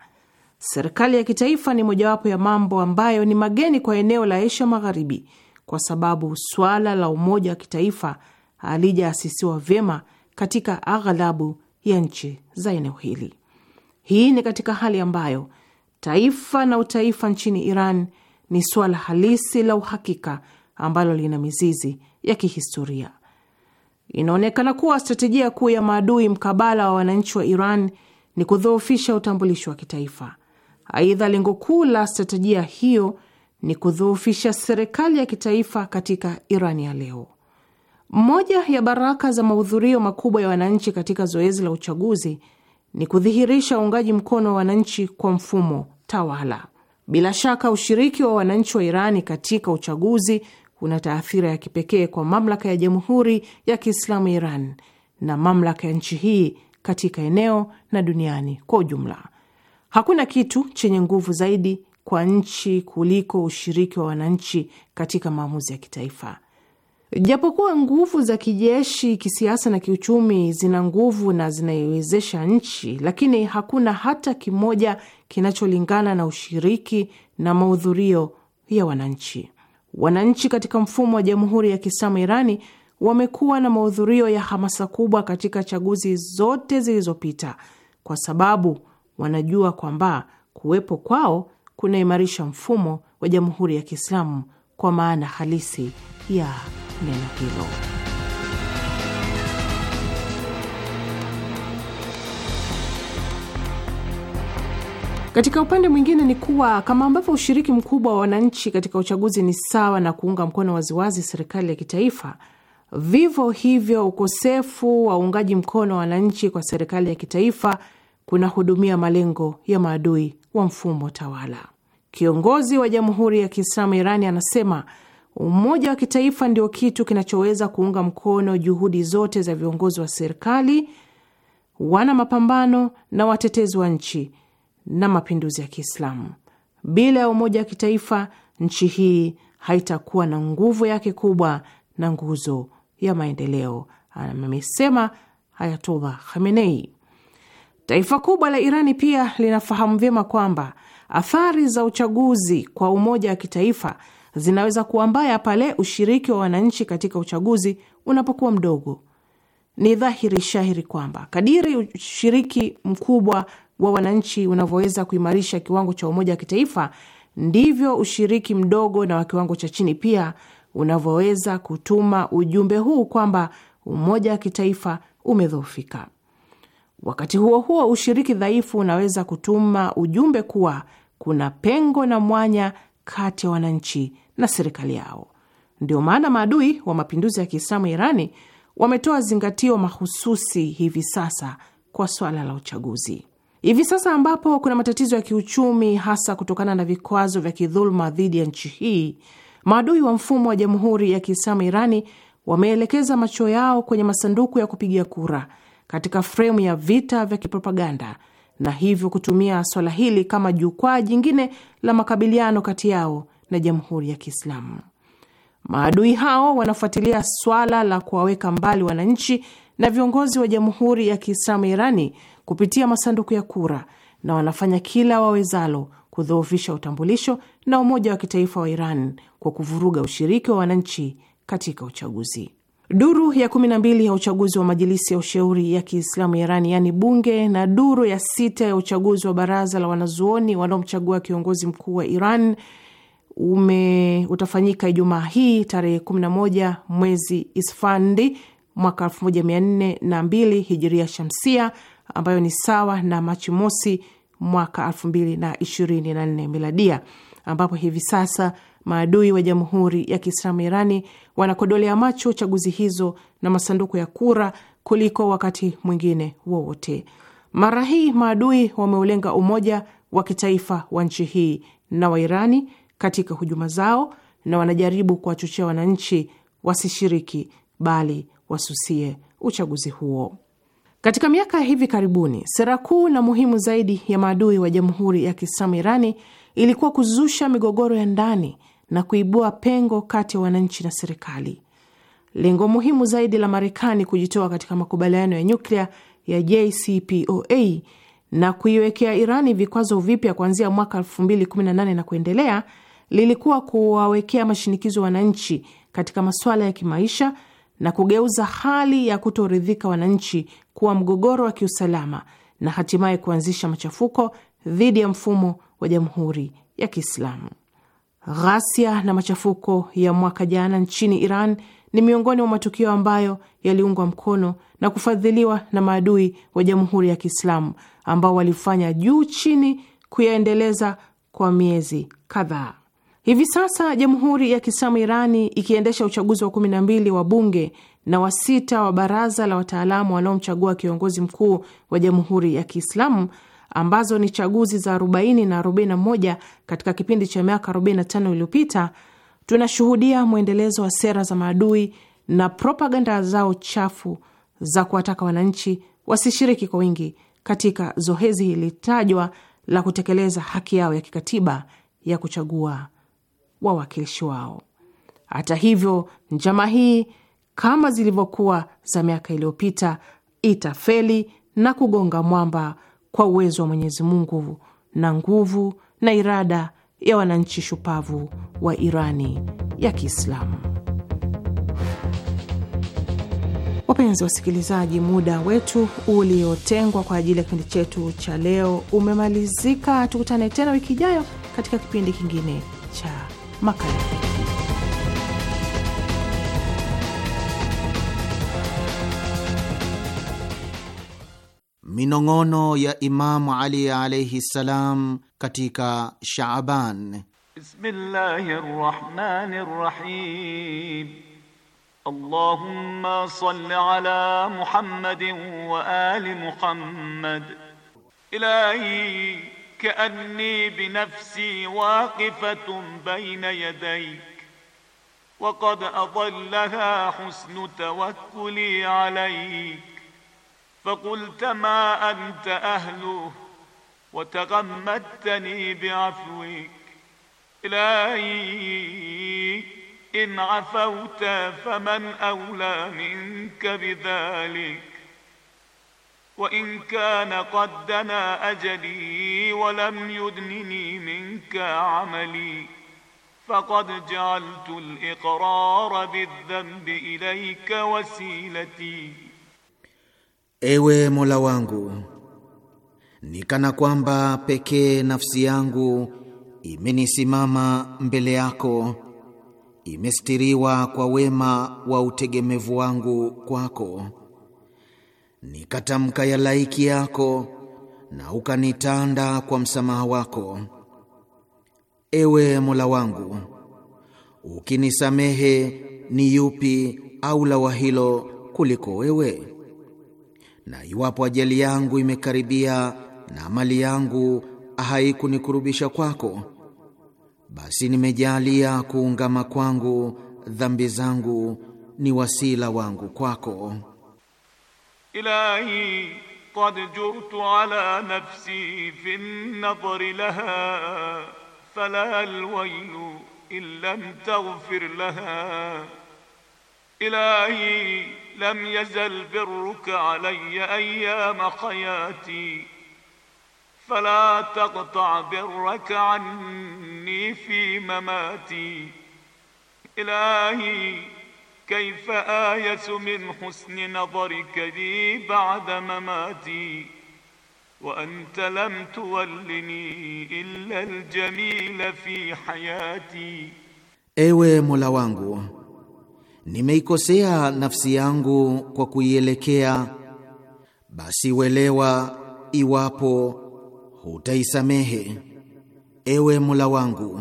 Serikali ya kitaifa ni mojawapo ya mambo ambayo ni mageni kwa eneo la Asia Magharibi, kwa sababu swala la umoja wa kitaifa halijaasisiwa vyema katika aghalabu ya nchi za eneo hili. Hii ni katika hali ambayo taifa na utaifa nchini Iran ni suala halisi la uhakika ambalo lina mizizi ya kihistoria. Inaonekana kuwa stratejia kuu ya maadui mkabala wa wananchi wa Iran ni kudhoofisha utambulisho wa kitaifa. Aidha, lengo kuu la stratejia hiyo ni kudhoofisha serikali ya kitaifa katika Iran ya leo. Moja ya baraka za mahudhurio makubwa ya wananchi katika zoezi la uchaguzi ni kudhihirisha uungaji mkono wa wananchi kwa mfumo tawala. Bila shaka ushiriki wa wananchi wa Irani katika uchaguzi una taathira ya kipekee kwa mamlaka ya Jamhuri ya Kiislamu ya Iran na mamlaka ya nchi hii katika eneo na duniani kwa ujumla. Hakuna kitu chenye nguvu zaidi kwa nchi kuliko ushiriki wa wananchi katika maamuzi ya kitaifa. Japokuwa nguvu za kijeshi, kisiasa na kiuchumi zina nguvu na zinaiwezesha nchi, lakini hakuna hata kimoja kinacholingana na ushiriki na mahudhurio ya wananchi. Wananchi katika mfumo wa Jamhuri ya Kiislamu Irani wamekuwa na mahudhurio ya hamasa kubwa katika chaguzi zote zilizopita, kwa sababu wanajua kwamba kuwepo kwao kunaimarisha mfumo wa Jamhuri ya Kiislamu kwa maana halisi ya neno hilo. Katika upande mwingine ni kuwa kama ambavyo ushiriki mkubwa wa wananchi katika uchaguzi ni sawa na kuunga mkono waziwazi serikali ya kitaifa, vivyo hivyo ukosefu wa uungaji mkono wa wananchi kwa serikali ya kitaifa kunahudumia malengo ya maadui wa mfumo tawala. Kiongozi wa Jamhuri ya Kiislamu Irani anasema Umoja wa kitaifa ndio kitu kinachoweza kuunga mkono juhudi zote za viongozi wa serikali, wana mapambano na watetezi wa nchi na mapinduzi ya Kiislamu. Bila ya umoja wa kitaifa, nchi hii haitakuwa na nguvu yake kubwa na nguzo ya maendeleo, amesema Ayatollah Khamenei. Taifa kubwa la Irani pia linafahamu vyema kwamba athari za uchaguzi kwa umoja wa kitaifa zinaweza kuwa mbaya pale ushiriki wa wananchi katika uchaguzi unapokuwa mdogo. Ni dhahiri shahiri kwamba kadiri ushiriki mkubwa wa wananchi unavyoweza kuimarisha kiwango cha umoja wa kitaifa, ndivyo ushiriki mdogo na wa kiwango cha chini pia unavyoweza kutuma ujumbe huu kwamba umoja wa kitaifa umedhoofika. Wakati huo huo, ushiriki dhaifu unaweza kutuma ujumbe kuwa kuna pengo na mwanya kati ya wananchi na serikali yao. Ndio maana maadui wa mapinduzi ya Kiislamu Irani wametoa zingatio mahususi hivi sasa kwa swala la uchaguzi, hivi sasa ambapo kuna matatizo ya kiuchumi, hasa kutokana na vikwazo vya kidhuluma dhidi ya nchi hii. Maadui wa mfumo wa Jamhuri ya Kiislamu Irani wameelekeza macho yao kwenye masanduku ya kupigia kura katika fremu ya vita vya kipropaganda na hivyo kutumia swala hili kama jukwaa jingine la makabiliano kati yao na Jamhuri ya Kiislamu. Maadui hao wanafuatilia swala la kuwaweka mbali wananchi na viongozi wa Jamhuri ya Kiislamu Irani kupitia masanduku ya kura na wanafanya kila wawezalo kudhoofisha utambulisho na umoja wa kitaifa wa Iran kwa kuvuruga ushiriki wa wananchi katika uchaguzi. Duru ya kumi na mbili ya uchaguzi wa majilisi ya ushauri ya Kiislamu ya Irani yaani bunge, na duru ya sita ya uchaguzi wa baraza la wanazuoni wanaomchagua kiongozi mkuu wa Iran ume utafanyika Ijumaa hii tarehe 11 mwezi Isfandi mwaka 1402 hijiria shamsia, ambayo ni sawa na Machi mosi mwaka 2024 miladia, ambapo hivi sasa maadui wa Jamhuri ya Kiislamu Irani wanakodolea macho chaguzi hizo na masanduku ya kura kuliko wakati mwingine wowote. Mara hii maadui wameulenga umoja wa kitaifa wa nchi hii na Wairani katika hujuma zao, na wanajaribu kuwachochea wananchi wasishiriki, bali wasusie uchaguzi huo. Katika miaka ya hivi karibuni, sera kuu na muhimu zaidi ya maadui wa Jamhuri ya Kiislamu Irani ilikuwa kuzusha migogoro ya ndani na kuibua pengo kati ya wananchi na serikali. Lengo muhimu zaidi la Marekani kujitoa katika makubaliano ya nyuklia ya JCPOA na kuiwekea Irani vikwazo vipya kuanzia mwaka 2018 na kuendelea lilikuwa kuwawekea mashinikizo wananchi katika masuala ya kimaisha na kugeuza hali ya kutoridhika wananchi kuwa mgogoro wa kiusalama na hatimaye kuanzisha machafuko dhidi ya mfumo wa Jamhuri ya Kiislamu. Ghasia na machafuko ya mwaka jana nchini Iran ni miongoni mwa matukio ambayo yaliungwa mkono na kufadhiliwa na maadui wa Jamhuri ya Kiislamu ambao walifanya juu chini kuyaendeleza kwa miezi kadhaa. Hivi sasa Jamhuri ya Kiislamu Irani ikiendesha uchaguzi wa kumi na mbili wa bunge na wa sita wa baraza la wataalamu wanaomchagua kiongozi mkuu wa Jamhuri ya Kiislamu ambazo ni chaguzi za 40 na 41 katika kipindi cha miaka 45 iliyopita, tunashuhudia mwendelezo wa sera za maadui na propaganda zao chafu za kuwataka wananchi wasishiriki kwa wingi katika zoezi hili tajwa la kutekeleza haki yao ya kikatiba ya kuchagua wawakilishi wao. Hata hivyo, njama hii kama zilivyokuwa za miaka iliyopita itafeli na kugonga mwamba kwa uwezo wa Mwenyezi Mungu na nguvu na irada ya wananchi shupavu wa Irani ya Kiislamu. Wapenzi wasikilizaji, muda wetu uliotengwa kwa ajili ya kipindi chetu cha leo umemalizika. Tukutane tena wiki ijayo katika kipindi kingine cha makala. minong'ono ya Imamu Ali alaihi ssalam katika Shaaban. Bismillahi rahmani rahim. Allahumma salli ala Muhammadin wa ali Muhammad. Ilahi kaanni bi nafsi waqifatun bayna yadayk وقد أضلها حسن توكلي عليك فقلت ما أنت أهله وتغمدتني بعفوك إلهي إن عفوت فمن أولى منك بذلك وإن كان قد دنا أجلي ولم يدنني منك عملي فقد جعلت الإقرار بالذنب إليك وسيلتي Ewe Mola wangu, nikana kwamba pekee nafsi yangu imenisimama mbele yako, imestiriwa kwa wema wa utegemevu wangu kwako, nikatamka ya laiki yako na ukanitanda kwa msamaha wako. Ewe Mola wangu, ukinisamehe ni yupi au la wa hilo kuliko wewe? na iwapo ajali yangu imekaribia na mali yangu haikunikurubisha kwako, basi nimejalia kuungama kwangu dhambi zangu ni wasila wangu kwako. Ilahi qad jurtu ala nafsi fi nadhri laha fala alwaylu illam taghfir laha ilahi لم يزل برك علي أيام حياتي فلا تقطع برك عني في مماتي إلهي كيف آيس من حسن نظرك لي بعد مماتي وأنت لم تولني إلا الجميل في حياتي أيوة مولا wangu Nimeikosea nafsi yangu kwa kuielekea, basi welewa iwapo hutaisamehe. Ewe Mola wangu,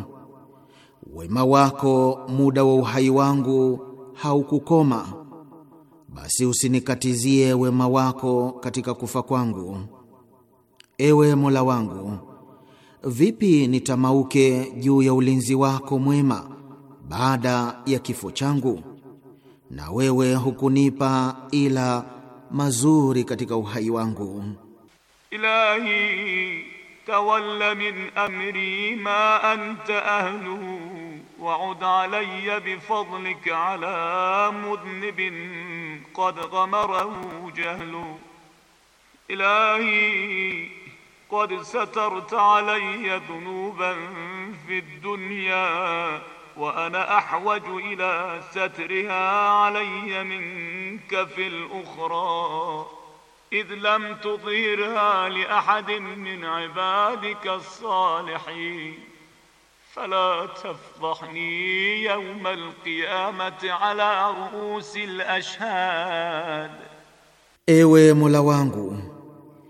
wema wako muda wa uhai wangu haukukoma, basi usinikatizie wema wako katika kufa kwangu. Ewe Mola wangu, vipi nitamauke juu ya ulinzi wako mwema baada ya kifo changu? na wewe hukunipa ila mazuri katika uhai wangu. Ilahi tawalla min amri ma anta ahluhu waud alayya bifadlika ala mudhnibin qad ghamarahu jahlu ilahi qad satarta alayya dhunuban fi dunya wa ana ahwaju ila satriha alayya minka fil ukhra idh lam tudhirha li ahadin min ibadika as-salihin fala tafdhahni yawma al-qiyamati ala ruusi Ewe Mola wangu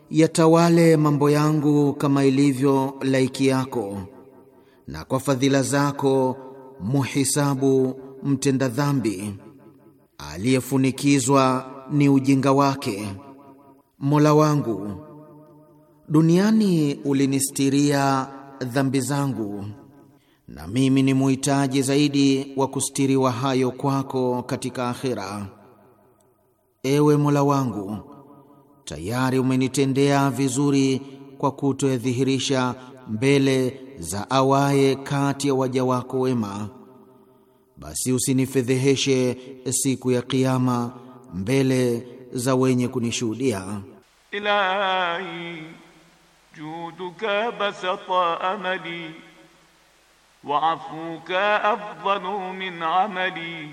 yatawale mambo yangu kama ilivyo laiki yako na kwa fadhila zako muhisabu mtenda dhambi, aliyefunikizwa ni ujinga wake. Mola wangu, duniani ulinistiria dhambi zangu, na mimi ni muhitaji zaidi wa kustiriwa hayo kwako katika akhira. Ewe Mola wangu, tayari umenitendea vizuri kwa kutoyadhihirisha mbele za awaye kati ya waja wako wema, basi usinifedheheshe siku ya Kiyama mbele za wenye kunishuhudia. Ilahi juduka basata amali wa afuka afdalu min amali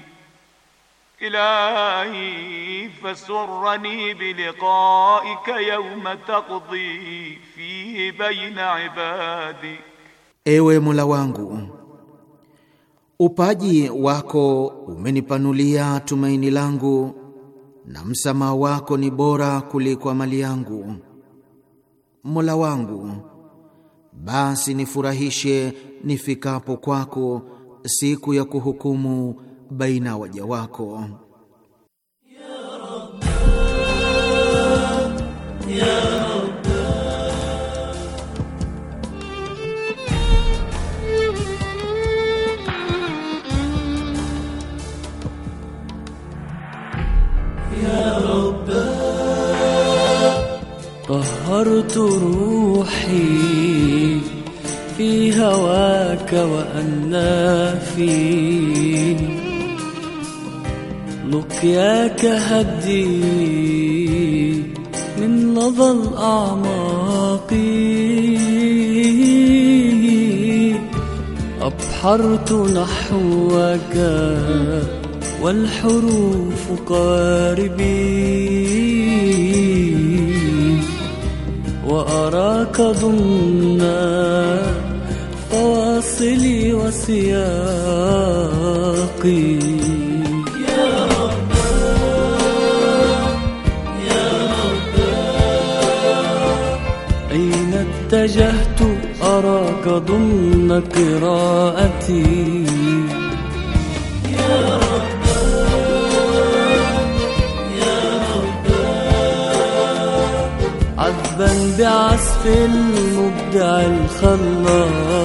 Ilahi fasurrani biliqaika yawma taqdi fihi bayna ibadi Ewe Mola wangu, upaji wako umenipanulia tumaini langu, na msamaha wako ni bora kuliko mali yangu. Mola wangu, basi nifurahishe nifikapo kwako siku ya kuhukumu baina waja wako. أنا النافين لقياك هدي من لظى الأعماق أبحرت نحوك والحروف قاربي وأراك ضمنك صلي وسياقي يا ربا يا ربا أين اتجهت أراك ضمن قراءتي المبدع الخلاقي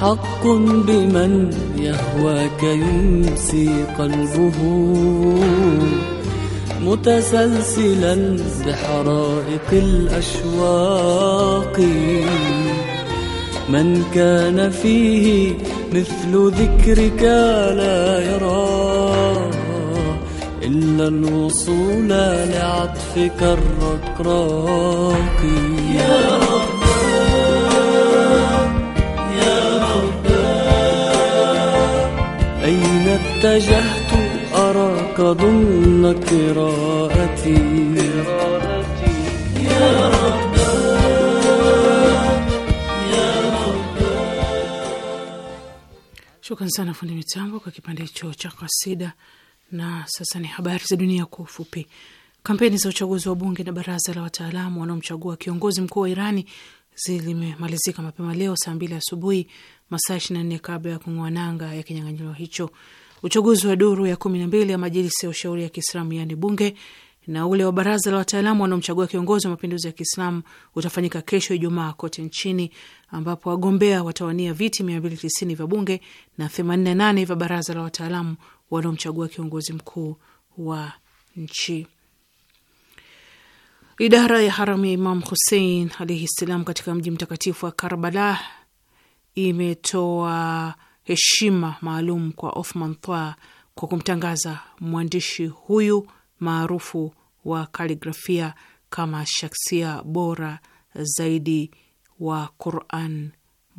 حق بمن يهواك يمسي قلبه متسلسلا بحرائق الأشواق من كان فيه مثل ذكرك لا يرى إلا الوصول لعطفك الرقراق يا رب اتجهت أراك ضمن قراءتي يا رب sana fundi mitambo kwa kipande hicho cha kasida. Na sasa ni habari za dunia kwa ufupi. Kampeni za uchaguzi wa bunge na baraza la wataalamu wanaomchagua kiongozi mkuu wa Irani zilimemalizika mapema leo saa mbili asubuhi, masaa nne kabla ya kung'oa nanga ya kinyang'anyiro hicho uchaguzi wa duru ya kumi na mbili ya majilisi ya ushauri ya Kiislamu yaani bunge na ule wa baraza la wataalamu wanaomchagua kiongozi wa mapinduzi ya Kiislamu utafanyika kesho Ijumaa kote nchini ambapo wagombea watawania viti 290 vya bunge na 88 vya baraza la wataalamu wanaomchagua kiongozi mkuu wa nchi. Idara ya haramu ya Imam husein alaihi ssalam katika mji mtakatifu wa Karbala imetoa heshima maalum kwa Othman Twa kwa kumtangaza mwandishi huyu maarufu wa kaligrafia kama shaksia bora zaidi wa Quran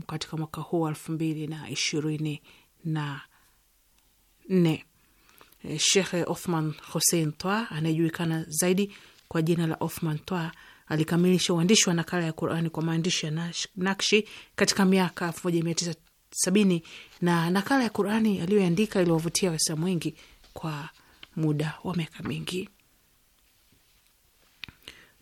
katika mwaka huu wa elfu mbili na ishirini na nne. Eh, Shekhe Othman Hussein Twa anayejulikana zaidi kwa jina la Othman Twa alikamilisha uandishi wa nakala ya Qurani kwa maandishi ya Nakshi katika miaka elfu moja mia tisa sabini na nakala ya Qurani aliyoandika iliwavutia Waislamu wengi kwa muda wa miaka mingi.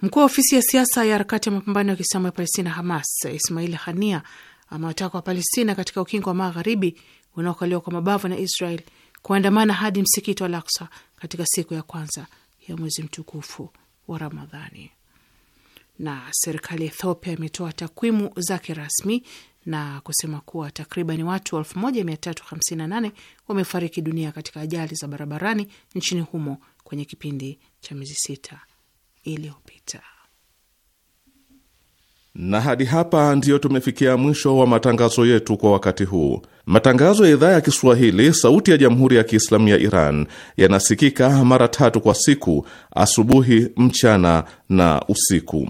Mkuu wa ofisi ya siasa ya harakati ya mapambano ya Kiislamu ya Palestina, Hamas, Ismail Hania amewataka palestina katika ukingo wa magharibi unaokaliwa kwa mabavu na Israel kuandamana hadi msikiti wa Al-Aqsa katika siku ya kwanza ya mwezi mtukufu wa Ramadhani na serikali ya Ethiopia imetoa takwimu zake rasmi na kusema kuwa takriban watu 1358 wamefariki dunia katika ajali za barabarani nchini humo kwenye kipindi cha miezi sita iliyopita. Na hadi hapa ndiyo tumefikia mwisho wa matangazo yetu kwa wakati huu. Matangazo ya idhaa ya Kiswahili sauti ya Jamhuri ya Kiislamu ya Iran yanasikika mara tatu kwa siku: asubuhi, mchana na usiku.